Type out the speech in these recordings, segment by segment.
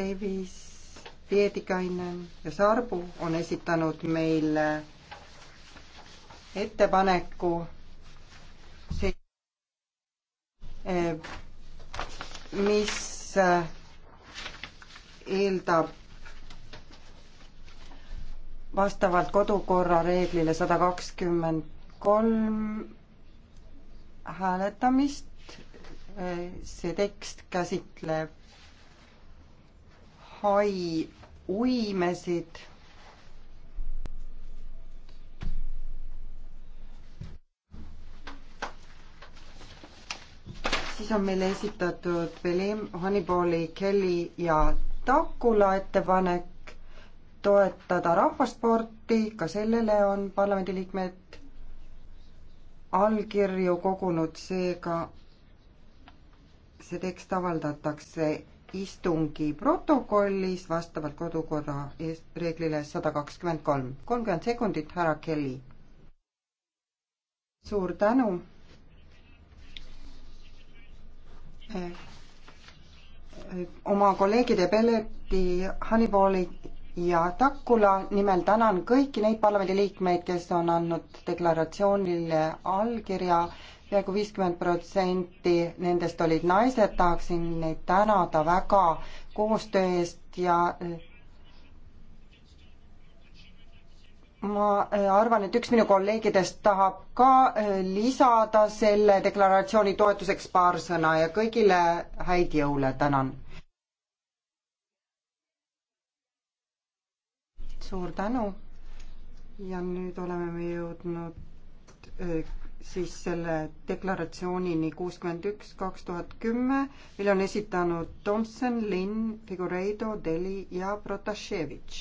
Davis, Pietikainen ja Sarbu on esitanud meile ettepaneku see, eh, mis eh, eeldab vastavalt kodukorra reeglile sada kakskümmend kolm hääletamist. Eh, see tekst käsitleb hai uimesid. siis on meile esitatud Belim, Hannibali, Kelly ja Takula ettepanek toetada rahvasporti, ka sellele on parlamendiliikmed allkirju kogunud, seega see tekst avaldatakse istungi protokollis vastavalt kodukorra reeglile sada kakskümmend kolm. kolmkümmend sekundit, härra Kelly. suur tänu. Eh, oma kolleegide Bellerti, Hannibooli ja Takula nimel tänan kõiki neid parlamendiliikmeid, kes on andnud deklaratsioonile allkirja peaaegu viiskümmend protsenti nendest olid naised, tahaksin neid tänada väga koostöö eest ja äh, ma äh, arvan, et üks minu kolleegidest tahab ka äh, lisada selle deklaratsiooni toetuseks paar sõna ja kõigile häid jõule, tänan. suur tänu ja nüüd oleme me jõudnud siis selle deklaratsioonini kuuskümmend üks, kaks tuhat kümme, mille on esitanud Tomson, Linn, Figureido, Deli ja Protasevitš.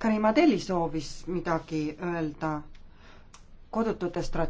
Karima Deli soovis midagi öelda kodutute strate-.